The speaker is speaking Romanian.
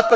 la